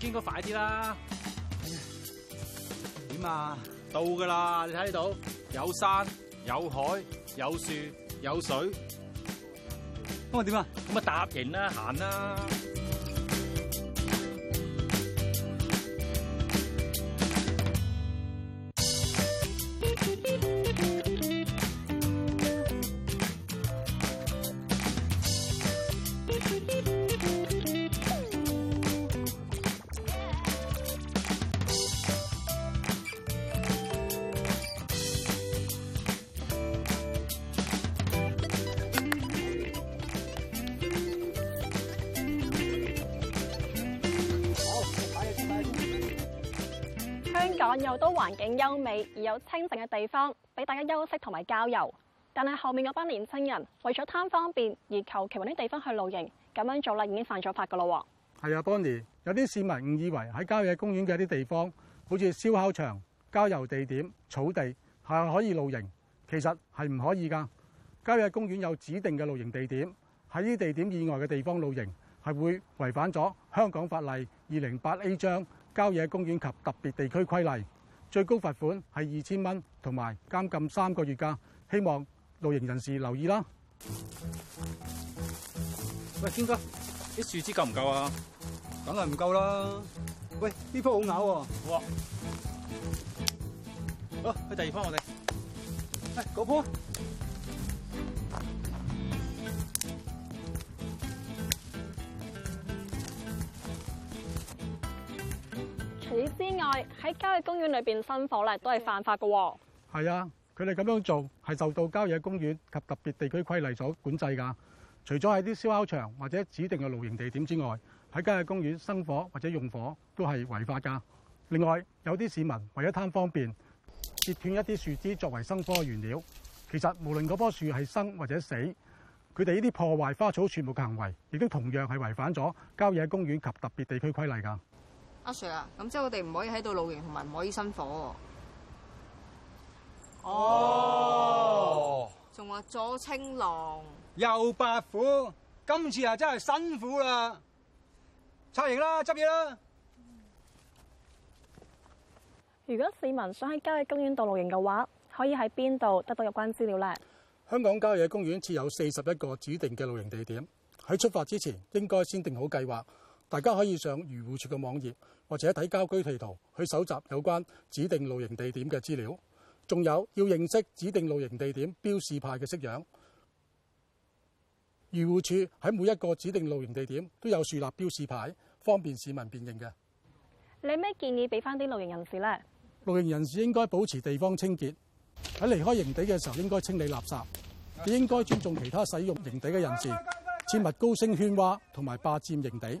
應該快啲啦，點、哎、啊？到噶啦，你睇到有山有海有樹有水，咁啊點啊？咁啊搭營啦，行啦。又都環境優美而有清靜嘅地方俾大家休息同埋郊遊，但係後面嗰班年青人為咗貪方便而求其揾啲地方去露營，咁樣做啦已經犯咗法噶咯。係啊，Bonnie，有啲市民誤以為喺郊野公園嘅啲地方，好似燒烤場、郊遊地點、草地係可以露營，其實係唔可以噶。郊野公園有指定嘅露營地點，喺呢地點以外嘅地方露營係會違反咗香港法例二零八 A 章。郊野公園及特別地區規例，最高罰款係二千蚊，同埋監禁三個月㗎。希望露營人士留意啦。喂，堅哥，啲樹枝夠唔夠啊？梗係唔夠啦。喂，呢棵好咬喎，啊。好啊。好，去第二樖我哋、哎。喂，嗰樖。喺郊野公園裏邊生火咧，都係犯法噶喎。係啊，佢哋咁樣做係受到郊野公園及特別地區規例所管制噶。除咗喺啲燒烤場或者指定嘅露營地點之外，喺郊野公園生火或者用火都係違法噶。另外，有啲市民為咗貪方便，截斷一啲樹枝作為生火原料，其實無論嗰棵樹係生或者死，佢哋呢啲破壞花草樹木嘅行為，亦都同樣係違反咗郊野公園及特別地區規例噶。阿 Sir 啊，咁即係我哋唔可以喺度露營，同埋唔可以生火喎、啊。哦，仲話左青龍，右白虎，今次啊真係辛苦啦！拆營啦，執嘢啦。如果市民想喺郊野公園度露營嘅話，可以喺邊度得到有關資料咧？香港郊野公園設有四十一個指定嘅露營地點，喺出發之前應該先定好計劃。大家可以上漁護處嘅網頁或者睇郊區地圖去搜集有關指定露營地點嘅資料，仲有，要認識指定露營地點標示牌嘅式樣。漁護處喺每一個指定露營地點都有豎立標示牌，方便市民辨認嘅。你咩建議俾翻啲露營人士呢？露營人士應該保持地方清潔，喺離開營地嘅時候應該清理垃圾，你應該尊重其他使用營地嘅人士，切勿高聲喧嘩同埋霸佔營地。